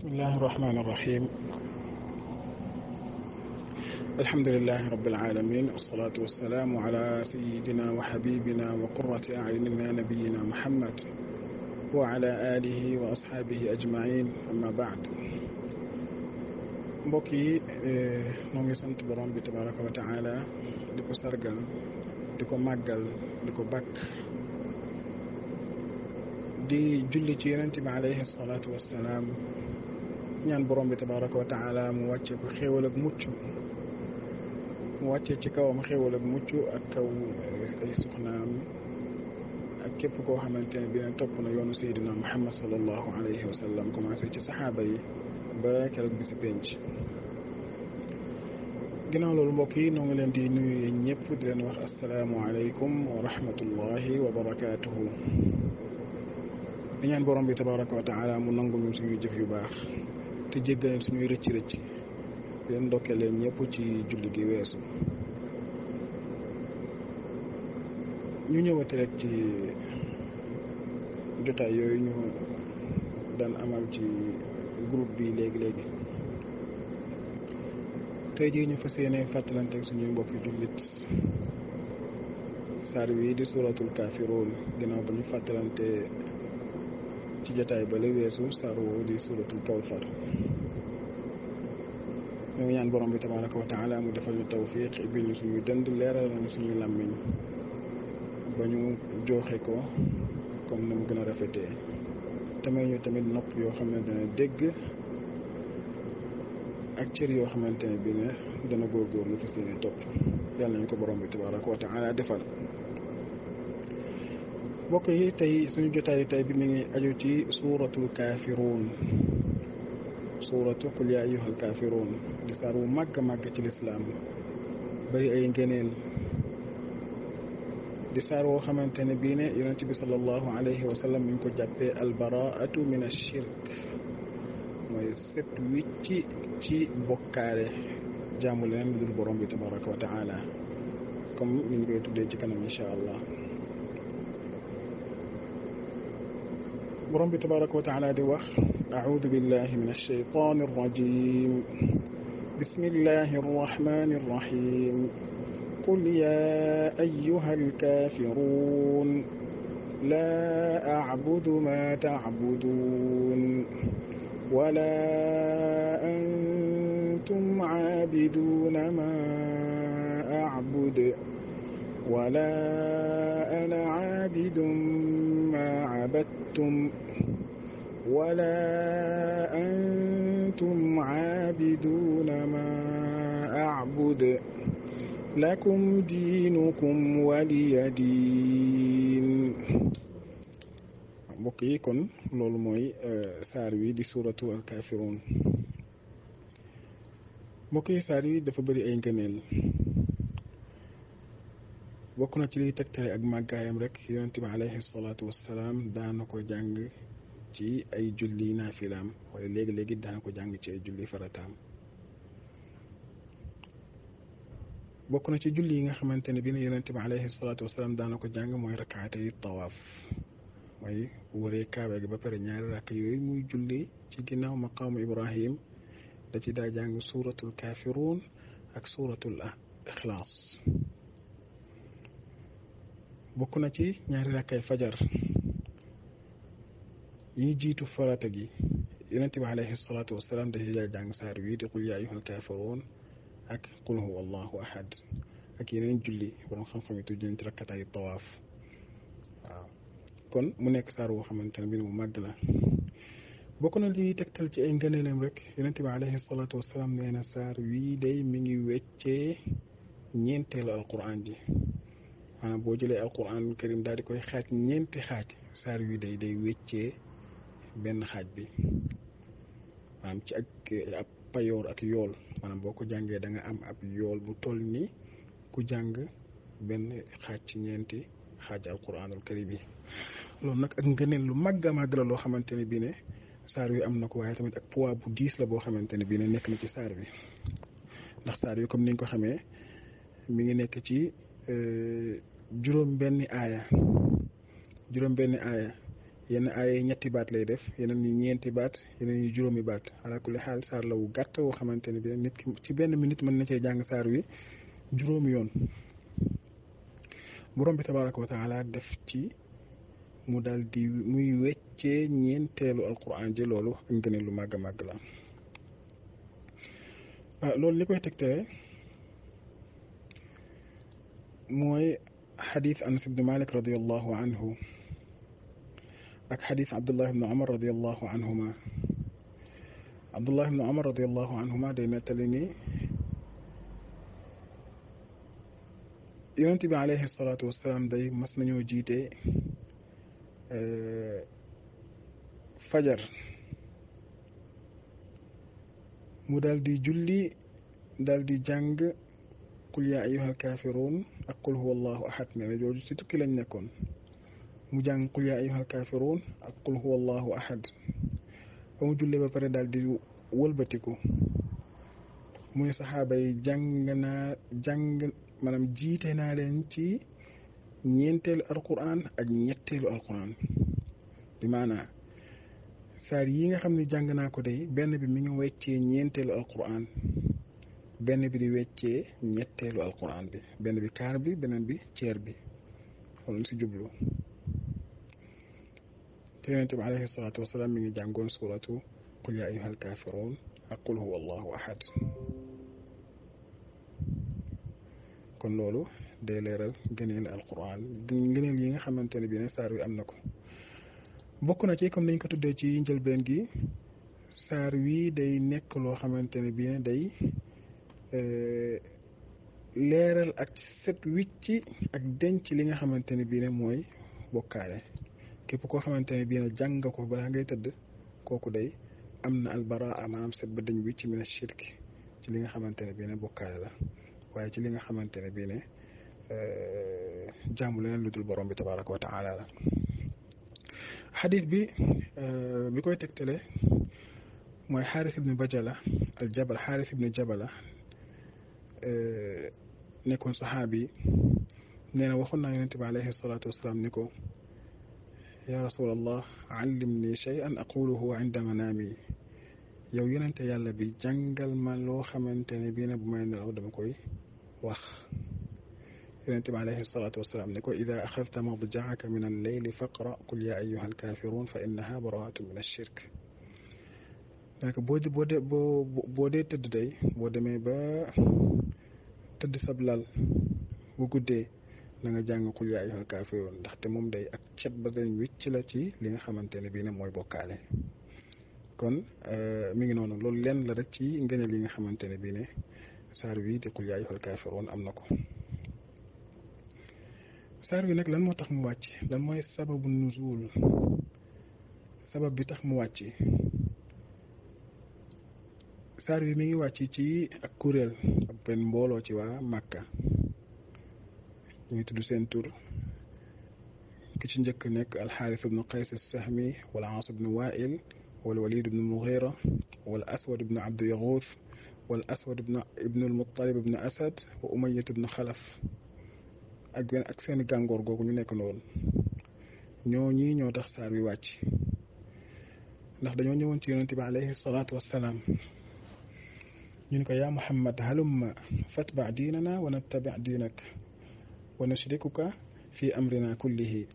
بسم الله الرحمن الرحيم الحمد لله رب العالمين والصلاة والسلام على سيدنا وحبيبنا وقرة أعيننا نبينا محمد وعلى آله وأصحابه أجمعين أما بعد بوكي نومي سنت ngi تبارك وتعالى لكو سرقل لكو مقل لكو بك دي جلتي ko عليه الصلاة والسلام ñaan borom bi tabaraka wa taala mu wàcce ko xéewal ak mucc mu wàcce ci kawam xéewal ak mucc ak kaw ay soxnaam ak képp koo xamante ne dina topp na yoonu Seydina Muhammad sallallahu alayhi wa sallam commencé ci saxaaba yi ba keroog bi si penc ginaaw loolu mbokk yi noo ngi leen di nuyu yéen ñëpp di leen wax asalaamu asalaamualeykum wa rahmatullahi wa barakatuhu ñaan borom bi tabaraka wa taala mu nangu ñu suñu jëf yu baax te jéggal suñuy rëcc rëcc leen ndokkee leen ñëpp ci julli gi weesu ñu ñëwati rek ci jotaay yooyu ñu daan amal ci groupe bi léegi-léegi tey jii ñu fas yéene fàttalante suñuy mbokki jullit saar wi di suratul kaafiruun ginnaaw ba ñu fàttalante ci jotaay ba la weesu saar woowu di suratul kawsar ñu ngi ñaan borom bi tabaraka wa taala mu defal ñu tawfiq ibbil ñu suñuy dënd leeral nañu suñu làmmiñ ba ñu jooxe ko comme ni mu gën a rafetee tamit ñu tamit nopp yoo xamante ne dégg ak cër yoo xamante ne bi ne dana góorgóorlu fas yéene topp yàlla nañu ko borom bi tabaraka wa taala defal بوكي تاي سوني جوتاي تاي بي ميغي اديو تي سورة الكافرون سورة قل يا ايها الكافرون دي سارو ماغا ماغا تي الاسلام بري اي نينين دي سارو خامتاني بي ني يونتي بي صلى الله عليه وسلم نكو جابي البراءة من الشرك موي سيت ويتي تي بوكاري جامولين دول بروم بي تبارك وتعالى كم نيغي تودي تي كانام ان شاء الله برمبي تبارك وتعالى دوخ أعوذ بالله من الشيطان الرجيم بسم الله الرحمن الرحيم قل يا أيها الكافرون لا أعبد ما تعبدون ولا أنتم عابدون ما أعبد ولا أنا عابد ما عبدت عبدتم ولا أنتم عابدون ما أعبد لكم دينكم ولي دين بقي كن لولموي آه، ساروي سورة الكافرون بقي ساروي دفبري أين كنيل bokuna na ci liy tegtale ak magayam rek yonentiba bi alayhi salaatu wassalaam daana ko jàng ci ay julli naafilaam wala léegi-léegi daana ko jàng ci ay julli faratam bokuna ci julli nga xamante bi yonentiba yonent bi alayhi salaatu wasalaam daana ko jàng moy rakaate yi tawaaf mooy wëree kaaba ba pare ñaari rak yoy muy julli ci ginaaw maqam ibrahim da ci da jàng suratul kafirun ak suratul ikhlas bokk na ci ñaari rakkay fajar ñi jiitu farata gi yonent bi alayhi salaatu wasalaam dafa jël jàng saar wi di qul yaa ayyuhal kaafiruun ak qul huwa allahu ahad ak yeneen julli borom xam-xam yi tu nañ ci rakkataayu tawaaf waaw kon mu nekk saar woo xamante ne mbir mu màgg la bokk na liy tegtal ci ay ngëneelam rek yonent bi alayhi salaatu wasalaam nee saar wii day mi ngi weccee ñeenteelu alquran ji maanaam boo jëlee alquranul karim daal di koy xaaj ñeenti xaaj saar wi day day wéccee benn xaaj bi maanaam ci ak ab ak yool boo ko jàngee danga am ab yool bu toll ni ku jàng benn xaaj ci ñeenti xaaj alquranul karim bi loolu nag ak ngëneel lu màgg a màgg la loo xamante ne bii ne saar yu am na ko waaye tamit ak poids bu diis la boo xamante ne bii ne nekk na ci saar bi ndax saar yu comme ni nga ko xamee mu ngi nekk ci Euh, juróom-benni aaya juróom-benni aaya yenn aaya yi ñetti baat lay def yeneen yi ñeenti baat yeneen yi juróomi baat alaakulli xaal saar la wu gàtt woo xamante ne bi nit ki ci benn minute mën na cee jàng saar wi juróom yoon borom bi tabaaraka wa taala def ci mu dal di muy weccee ñeenteelu alquran ji loolu ak ngëne lu màgg màgg la ah, loolu li koy tegtale موي حديث أنس بن مالك رضي الله عنه أك حديث عبد الله بن عمر رضي الله عنهما عبد الله بن عمر رضي الله عنهما دائما تليني ينتبه عليه الصلاة والسلام داي مسمى جيتي آه، فجر مدال دي جلي دال دي جنگ قل يا أيها الكافرون ak qul huwa allahu ahad nee na jooju ci tukki lañ nekkoon mu jàng qul yaa ayyuhal kaafiruun ak qul huwa allahu ahad ba mu jullee ba pare daal di wëlbatiku mu ne saxaaba jàng naa jàng maanaam jiite naa leen ci ñeenteelu alquran ak ñetteelu alquran bi maanaa saar yi nga xam ne jàng naa ko de benn bi mi ngi weccee ñeenteelu alquran benn bi di weccee ñetteelu alquran bi benn bi kaar bi beneen bi ceer bi xoolal si jublu te yonente bi alayhi salaatu wasalaam mi ngi qul yaa ayyuhal kaafiruun ak huwa allahu ahad kon loolu day leeral gëneel alquran gëneel yi nga xamante ne bi ne saar wi am na ko bokk na ci comme nañ ko tuddee ci njëlbeen gi saar wi day nekk loo xamante ne bi ne day Euh, leeral ak set wicc ak denc li nga xamante ne bii ne mooy bokkaale képp koo xamante ne bii ne jàng ko balaa ngay tëdd kooku day am na albaraa maanaam set ba dañ wicc min shirki ci li nga xamante ne bii ne bokkaale la waaye ci li nga xamante ne bii ne euh, jaamu leneen lu dul borom bi tabaraka wa taala la xadis bi euh, bi koy tegtale mooy xaaris ibnu bajala al xaaris ibnu jabala nekkoon saxaabi yi nee na waxoon naa yonente bi alayhi salaatu wasalaam ni ko yaa rasulallah allim ni shay'an aquluhu inda manaami yow yonente yàlla bi jàngal ma loo xamante ne bii na bu may nelaw dama koy wax yonente bi alayhi salaatu wasalaam ni ko ida axadta madjaaka min alleyli faqra qul yaa ayuha alkafirun fa innaha baraatun min alshirk nekk boo boo dee boo boo dee tëdd day boo demee ba tëdd sab lal bu guddee la nga jàng xul yaa ayyuhal kaafiruun ndaxte moom day ak cet ba dañ wicc la ci li nga xamante ne bii ne mooy bokkaale kon euh, mi ngi noonu loolu lenn la rek ci ngëneel yi nga xamante ne bii ne saar wi di xul yaa ayyuhal kaafiruun am na ko saar wi nag lan moo tax mu wàcc lan mooy sababu nuzul sabab bi tax mu wàcc saar wi mi ngi wàcc ci ak kuréel ak benn mbooloo ci waa Màkka ñu ngi tudd seen tur ki ci njëkk nekk alxaaris ibnu qays sahmi wala ans ibnu wail wala walid ibnu mughira wala aswad ibnu abdu yaxuus wala aswad ibnu ibnu almutalib ibnu asad wa umayat ibnu xalaf ak benn ak seen gàngoor googu ñu nekk noonu ñoo ñii ñoo tax saar wi wàcc ndax dañoo ñëwoon ci yonente bi alayhi salaatu wassalaam ñu ne ko yaa muhammad halumma fatba diinana wa nattabi diinak wa nushrikuka fi amrina kullihi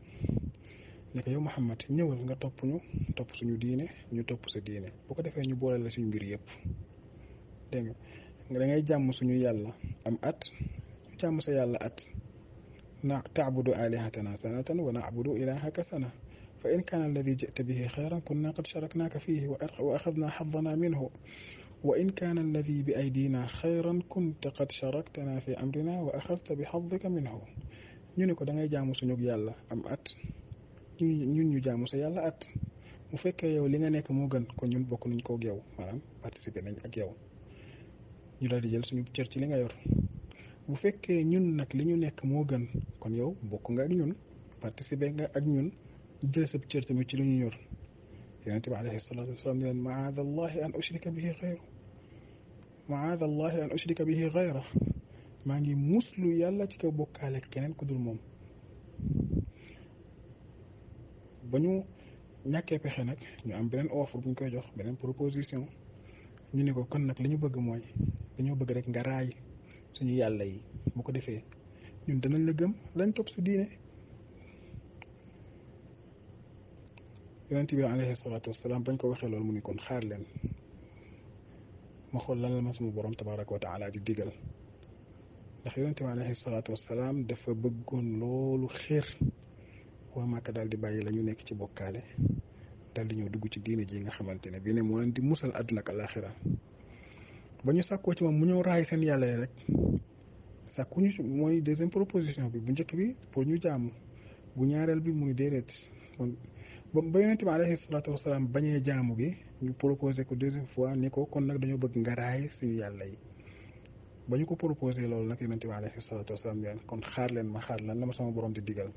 ne ko yow muhammad ñëwal nga topp ñu topp suñu diine ñu topp sa diine bu ko defee ñu boole la suñu mbir yëpp dégg nga da ngay jàmm suñu yàlla am at jàmm sa yàlla at na ta'budu alihatana sanatan wa na'budu ilahaka sana fa in kaana alladi jita bihi xayran kunna qad sharaknaka fihi wa axadna xadana minhu وإن كان الذي بأيدينا خيرا كنت قد شاركتنا في أمرنا وأخذت بحظك منه ñu ne ko da ngay jaamu suñu yàlla am at ñun ñu jaamu sa yàlla at mu fekkee yow li nga nekk moo gën kon ñun bokk nañ koog yow maanaam participer nañ ak yow ñu daal di jël suñu cër ci li nga yor bu fekkee ñun nag li ñu nekk moo gën kon yow bokk nga ak ñun participer nga ak ñun jël sa cër tamit ci li ñu yor yonente bi alayhi salatu wasalaam ne leen maada allahi an ushrika bihi xayru maada allahi an ushrika bihi gayra maa ngi lu yàlla ci ko bokkaale keneen ku dul moom ba ñu ñàkkee pexe nag ñu am beneen offre bu ñu koy jox beneen proposition ñu ne ko kon nag lañu bëgg mooy dañoo bëgg rek nga raay suñu yàlla yi bu ko defee ñun danañ la gëm lañ topp su diine yonent bi alayhi salaatu wasalaam bañ ko waxee loolu mu ni kon xaar leen ma xool lan la ma sama borom tabaraka wa taala di digal ndax yonente bi alayhi salaatu wasalaam dafa bëggoon loolu xéer wa maka dal di bàyyi la ñu nekk ci bokkaale dal di ñëw dugg ci diine ji nga xamante ne bi ne moo leen di musal àdduna ak alaxira ba ñu sàkkoo ci moom mu ñëw raay seen yàlla yi rek sàkku ñu mooy deuxième proposition bi bu njëkk bi pour ñu jaamu bu ñaareel bi muy déedéet kon ba yonente bi alayhi salaatu wasalaam bañee jaamu bi ñu proposé ko deuxième fois ni ko kon nag dañoo bëgg nga raay suñu yàlla yi ba ñu ko proposé loolu nag yonent bi alayhi salaatu wasalaam leen kon xaar leen ma xaar lan la ma sama borom di digal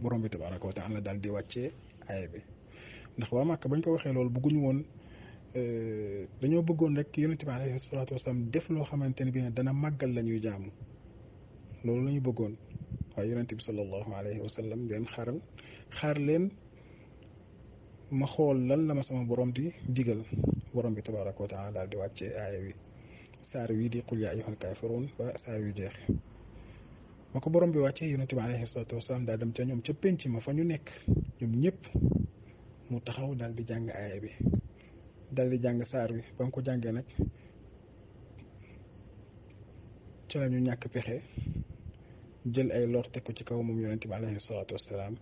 borom bi tabaraka wa taala daal di wàccee aaya bi ndax waa Màkka bañ ko waxee loolu bëgguñu woon euh, dañoo bëggoon rek yonent bi alayhi salaatu wasalaam def loo xamante ne bi ne dana màggal la ñuy jaamu loolu la ñu bëggoon waaye yonent bi sallallahu alayhi wa sallam leen xaaral xaar leen ma xool lan la ma sama borom di digal borom bi tabaraka wa taala daal di wàcce aaya wi saar wi di qul yaa ayyuhal kaafiruun ba saar wi jeex ma ko borom bi wàccee yonente bi alayhi salaatu wasalaam daal dem ca ñoom ca penc ma fa ñu nekk ñoom ñëpp mu taxaw daal di jàng aaya bi daal di jàng saar wi ba mu ko jàngee nag ca la ñu ñàkk pexe jël ay lor teg ko ci kaw moom yonente bi alayhi salaatu wasalaam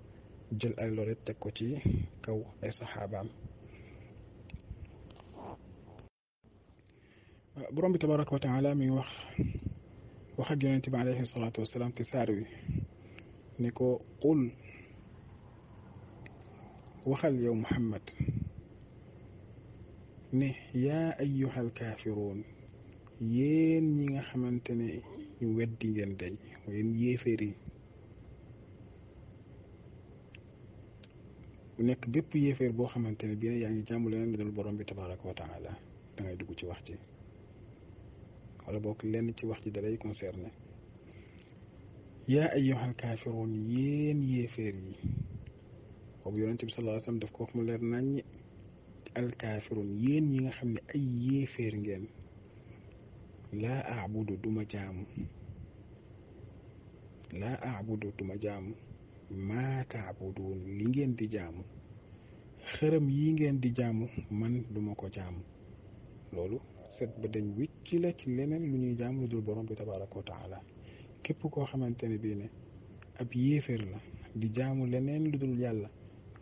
jël ay lorit teg ko ci kaw ay saxaabaam borom bi tabaraka wa taala mi wax wax ak yonente bi alayhi salaatu wasalaam ci saar wi ni ko qul waxal yow muhammad ne yaa ayyuhal kaafiruun yéen ñi nga xamante ne ñu weddi ngeen day yéen yéeféer yi mu nekk bépp yéeféer boo xamante ne bii yaa ngi jaamu leneen dul borom bi tabaraka wa taala da ngay dugg ci wax ci wala boog lenn ci wax ci dalay concerné yaa ayyuhal kaafiruun yéen yéeféer yi boobu yonente bi sallallahu alayhi wasallam daf ko wax mu leer naññ alkaafiruun yéen yi nga xam ne ay yéeféer ngeen laa abudu duma jaamu laa abudu duma jaamu maataabuduun li ngeen di jaamu xërëm yi ngeen di jàmm man duma ko jaamu loolu set ba dañ wicc la ci leneen lu ñuy jaamu lu dul borom bi tabaraka wa képp koo xamante ne bii ne ab yéeféer la di jaamu leneen lu dul yàlla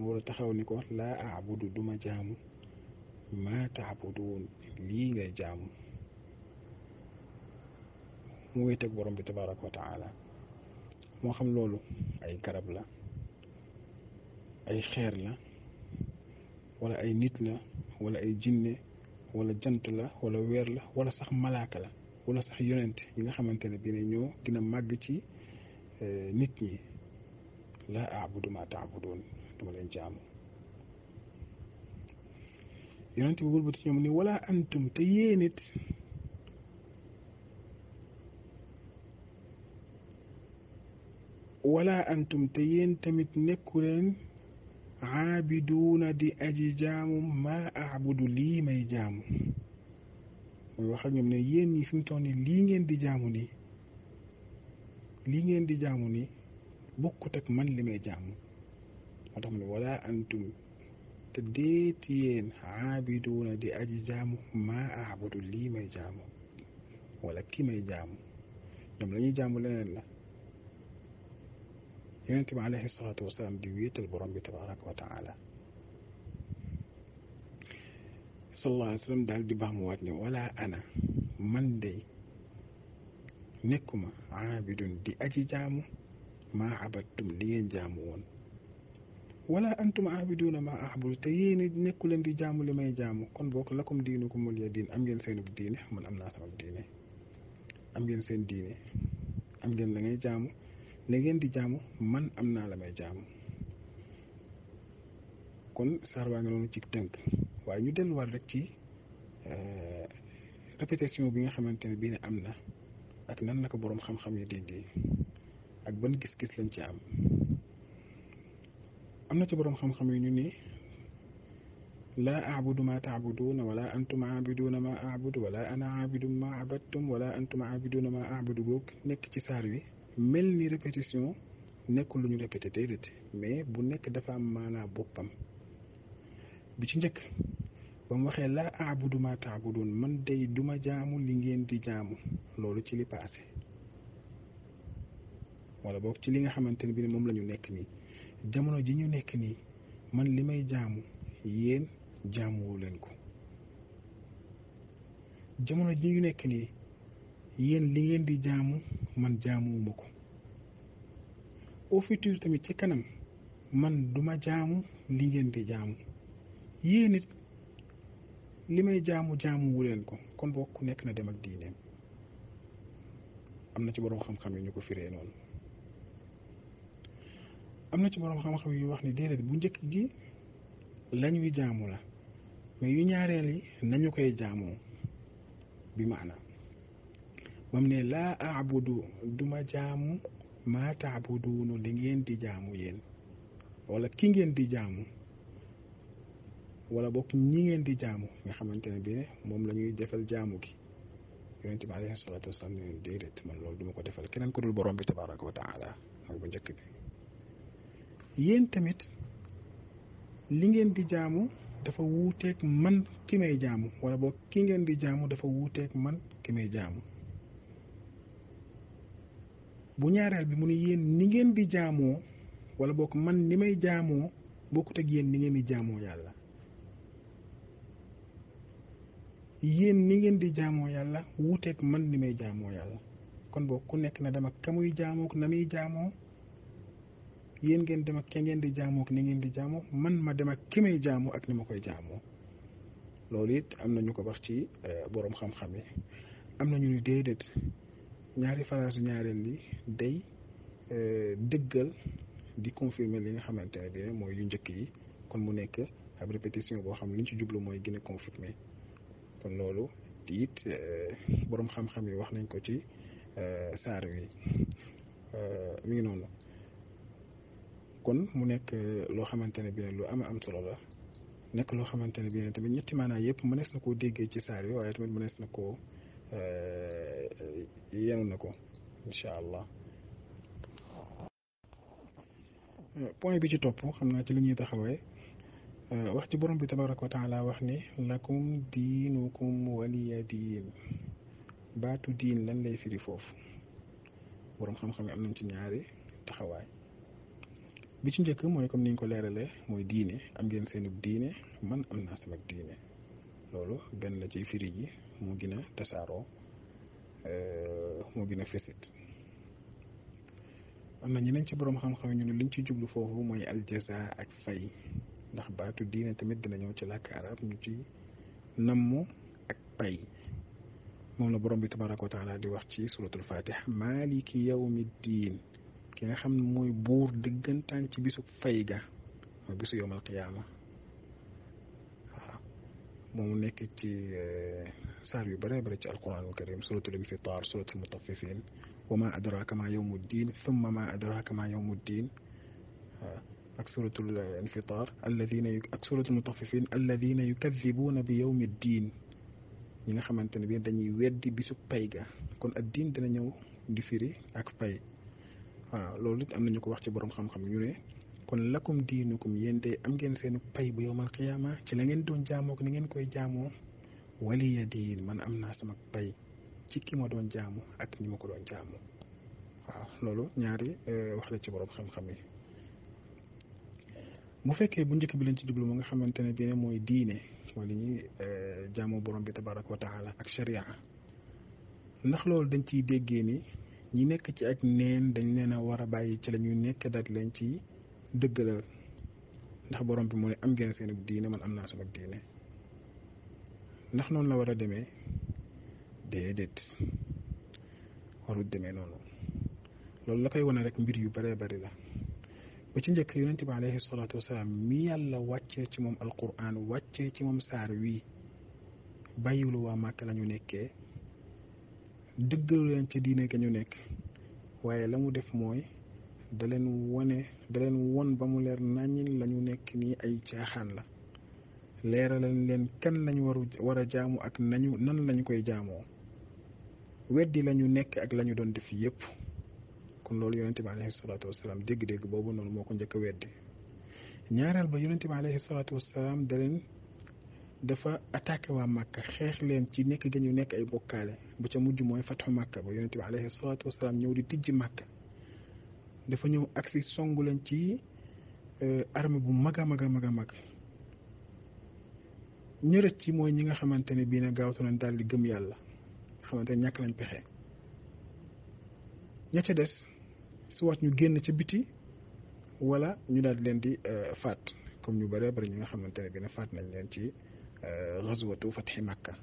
wala taxaw ni ko laa aabudu duma jaamu maataabuduun lii ngay jaamu mu wéet ak borom bi tabaraka wa taala moo xam loolu ay garab la ay xeer la wala ay nit la wala ay jinne walla jant la walla weer la wala sax malaaka la wala sax yonent yi nga xamante ne bi ne ñoo gën a màgg ci e, nit ñi la abudu ma taabudoon dama leen jaamu yonent bi wëlbati ñoom ni wala antum te yéen it wala antum te yéen tamit nekkuleen aabiduuna di aji jaamu maa aabudu lii may jaamu mooy wax ak ñoom ne yéen ñi fim mu nii lii ngeen di jaamu ni lii ngeen di jaamu ni bokkut ak man li may jaamu moo tax mu ne wala antum te déet yéen aabiduuna di aji jaamu maa aabudu lii may jaamu wala kii may jaamu ñoom lañuy ñuy jaamu leneen la yonent bi alayhi salaatu wasalaam di wéetal borom bi tabaraka daal di baax mu waat ne wala ana man day nekkuma aabidun di aji jaamu maa abattum li ngeen jaamu woon wala antum aabiduuna maa aabudu te yéen nekku leen di jaamu li may jaamu kon bokk lakum diinukum waliya diin am ngeen seen diine am naa sama diine am ngeen seen diine am ngeen la ngay jaamu la ngeen di jàmm man am naa la may jaamu kon saar waa ngi noonu ci tënk waaye ñu delluwaat rek ci euh, répétition bi nga xamante ne bii am na ak nan na ko boroom xam-xam yi déggee ak ban gis-gis lañ ci am am na ci boroom xam-xam yi ñu ni laa aabudu ma na wala antum na ma aabudu wala ana aabidum ma abadtum wala antum aabiduuna ma aabudu boog nekk ci saar wi mel ni répétition nekkul lu ñu répété déedéet mais bu nekk dafa am maanaa boppam bi ci njëkk ba mu waxee laa aabudu maa taabudun man day duma jaamu li ngeen di jaamu loolu ci li paase wala boog ci li nga xamante ne bi ne moom lañu nekk nii jamono ji ñu nekk nii man li may jaamu yéen jaamuwu leen ko jamono ji ñu nekk nii yéen li ngeen di jaamu man jaamuwuma ko au futur tamit ci kanam man duma jaamu li ngeen di jaamu yéen it li may jaamu jaamu wu leen ko kon bokk ku nekk na dem ak diineem am na ci boroom xam-xam yi ñu ko firee noonu am na ci boroom xam-xam yu wax ni déedéet bu njëkk gi lañuy jaamu la mais yu ñaareel yi nañu koy jaamoo bi maanaam moom la abudu duma jaamu ma taabuduunu li ngeen di jaamu yéen wala ki ngeen di jaamu wala bokk ñi ngeen di jaamu nga xamantene ne bi ne moom la defal jaamu gi yonente bi alayhi salatu wasalaam ne déedéet man loolu duma ko defal keneen ko dul borom bi tabaraka wa taala mooy bu njëkk bi yéen tamit li ngeen di jaamu dafa wuuteeg man ki may jaamu wala bokk ki ngeen di jaamu dafa wuuteeg man ki may jaamu bu ñaareel bi mu ne yéen ni ngeen di jaamoo wala boog man ni may jaamoo bokkut ak yéen ni ngeen di jaamoo yàlla yéen ni ngeen di jaamoo yàlla wuuteeg man ni may jaamoo yàlla kon boog ku nekk na dama ka muy jaamook na muy jaamoo yéen ngeen dem ak ke ngeen di jaamook ni ngeen di jaamoo man ma dem ak ki may jaamoo ak ni ma koy jaamoo loolu it am na ñu ko wax ci eh, boroom xam-xam yi am na ñu ni déedéet ñaari phases ñaareel yi day euh, dëggal di confirmer li nga xamante ne bii mooy yu njëkk yi kon mu nekk ab répétition boo xam ne li ñu ci jublu mooy gën a confirmer kon loolu it euh, boroom xam-xam yi wax nañ ko ci euh, saar wi mi ngi noonu kon mu nekk loo xamante ne bii lu am am solo la nekk loo xamante ne bii tamit ñetti maanaam yëpp mënees na koo déggee ci saar wi waaye tamit mënees na koo. Eh, yenu na ko incha allah eh, point bi ci topp xam naa ci li ñuy taxawee eh, wax ci borom bi tabaraka wa taala wax ni lakum diinukum waliya diin baatu diin lan lay firi foofu borom xam-xam yi am nañ ci ñaari taxawaay bi ci njëkk mooy comme niñ ko leeralee mooy diine am ngeen seenub diine man am naa sama diine loolu benn la ci firi ji mu gën a tasaaroo euh, mu gën a fésit am na ñeneen ci boroom xam-xam ñu ne liñ ci jublu foofu mooy aljaza ak fay ndax baatu diine tamit dina ñëw ci làkk arab ñu ci namm ak pay moom la borom bi tabaraka wa taala di wax ci suratul fatiha maliki yawmi diin ki nga xam ne mooy buur dëggantaan ci bisu fay ga mooy bisu yowmal qiyaama moom nekk ci saar yu bare bare ci alquranul karim suratul infitar suratul mutaffifin wa ma adraka ma yawmu ddin thumma ma adraka ma yawmu ddin ak suratul infitar alladina ak suratul mutaffifin alladina yukadibuna bi yawmi ddin ñi nga xamante ne bi dañuy weddi bisu pay ga kon ad diin dina ñëw di firi ak pay waaw loolu it am nañu ko wax ci borom xam-xam ñu ne kon lakum diinukum yéen de am ngeen seen pay bu yowmal xiyaama ci la ngeen doon jaamoo ko ni ngeen koy jaamoo waliya diin man am naa sama pay ci ki ma doon jaamu ak ni ma ko doon jaamu loolu ñaari euh, wax la ci borom xam yi bu fekkee bu njëkk bi lañ ci jublu mu nga xamante ne bii mooy diine li ñuy euh, jaamu borom bi tabaraka wa taala ak sharia ndax loolu dañ ciy déggee ni ñi nekk ci ak neen dañ leen a war a bàyyi ci la ñuy nekk daal leen ci. dëgg la ndax borom bi moo ne am ngeen seen ak diine man am naa sama diine ndax noonu la war a demee déedéet warul demee noonu loolu la koy wone rek mbir yu bëree bëri la ba ci njëkk yonente bi alayhi salaatu wasalaam mi yàlla wàcce ci moom alquran wàcce ci moom saar wii bàyyiwul waa màkk la ñu nekkee dëggalu leen ci diine ga ñu nekk waaye la mu def mooy daleen wone daleen won ba mu leer naññin lañu nekk nii ay caaxaan la leeraleen leen kan lañ waru war a jaamu ak nañu nan lañu koy jaamoo weddi la ñu nekk ak lañu doon def yépp kon loolu yonente bi alayhi salaatu wasalaam dégg-dégg boobu noonu moo ko njëkk a weddi ñaareel ba yonente bi alayhi salaatu wasalaam da dafa attaqué waa Màkka xeex leen ci nekk ga nekk ay bokkaale bu ca mujj mooy fatxu Màkka ba yonente bi alayhi salaatu wasalaam ñëw di tijji Màkka dafa ñëw agsi songu leen ci euh, arme bu mag a mag a mag a mag ñërët ci mooy ñi nga xamante ne bii na gaawtu nañ daal di gëm yàlla xamante ne ñàkk lañ pexe ña ca des soit ñu génn ca biti wala ñu daal di leen di euh, faat comme ñu bare bëri ñi nga xamante ne bii faat nañ leen ci xasuwatu euh, fatxi Makka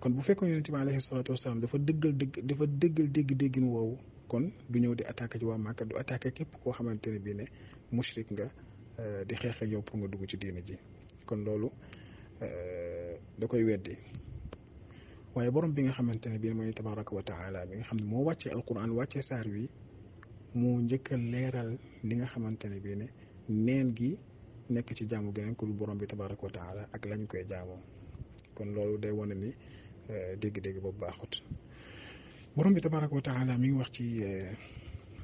kon bu fekkoon yonent bi alayhi salaatu wasalaam dafa dëggal dëgg dafa dëggal dégg-déggin woowu kon du ñëw di attaqué ci waa Màkka du attaqué képp koo xamante ne bii ne mushrik nga euh, di xeex ak yow pour nga dugg ci diina ji kon loolu euh, da koy weddi waaye borom bi nga xamante ne bii mooy tabaraka wa taala bi nga xam ne moo wàccee alquran wàccee saar wi moo njëkk leeral li nga xamante ne bii ne neen gi nekk ci jaamu geneen ku dul borom bi tabaraka wa taala ak lañu koy jaamoo kon loolu day wane ni euh, dégg-dégg boobu baaxut borom bi tabaraka wa taala mi ngi wax ci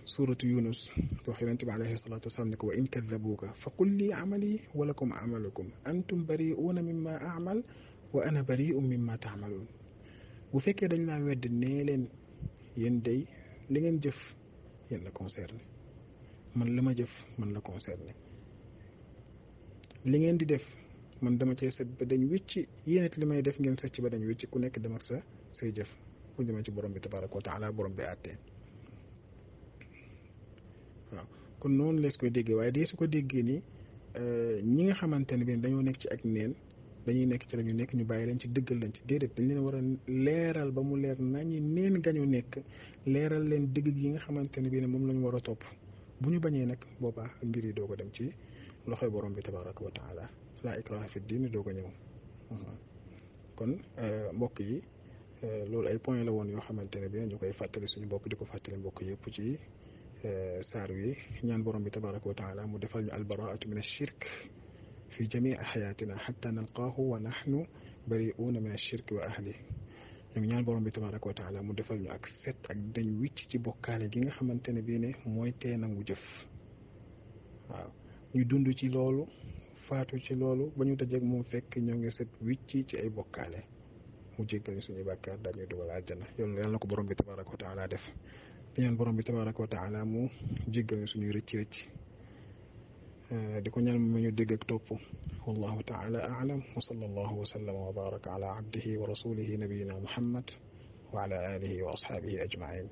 suratu yunus wax yonente bi alayhi salatu wasalam ne ko wa in kadabuka fa qul li amali wa lakum amalukum antum bari'una mimma a'mal wa ana bari'un mimma ta'malun bu fekkee dañ laa wedd nee leen yéen day li ngeen jëf yéen la concerné man la ma jëf man la concerné li ngeen di def man dama cee set ba dañ wicc yéen it li may def ngeen set ci ba dañ wicc ku nekk dem ak sa say jëf mu jëmee ci borom bi tabaraka wa taala borom bi kon noonu lees koy déggee waaye dee su ko déggee ni euh, ñi nga xamante ne bi dañoo nekk ci ak neen dañuy nekk ci lañu nekk ñu bàyyi leen ci dëggal leen ci déedéet dañ leen war a leeral ba mu leer nañu neen gañu nekk leeral leen dëgg yi nga xamante ne bi ne moom lañu ñu war a topp bu ñu bañee nag boobaa mbir yi doo ko dem ci loxoy borom bi tabaraka wa taala laa ikraha diin doo ko ñëw kon euh, mbokk yi Euh, loolu ay point la woon yoo xamante ne bi ñu koy fàttali suñu bopp di ko fàttali mbokk yëpp ci euh, saar wi ñaan borom bi tabaraka wa taala mu defal ñu albaraatu min ashirk fi jamii xayaatina xatta nalqaahu wa nahnu bariuuna min ashirk wa ahli ñu ngi ñaan borom bi tabaraka wa mu defal ñu ak set ak dañ wicc ci bokkaale gi nga xamante ne bii ne mooy tee nangu jëf waaw ñu dund ci loolu faatu ci loolu ba ñu dajeeg moom fekk ñoo ngi set wicc ci ay bokkaale mu jéggal ñu suñu bàkkaar daal ñu dugal àjjana loolu yàlla na ko borom bi tabaraka wa taala def di ñaan bi tabaraka wa taala mu jéggal ñu suñuy rëcc rëcc eh, di ko ñaan mu ñu dégg ak a wallahu taala aalam wa sallallahu wa sallama wa baraka ala abdihi wa rasulihi nabiyina muhammad wa ala alihi wa ashabihi ajmain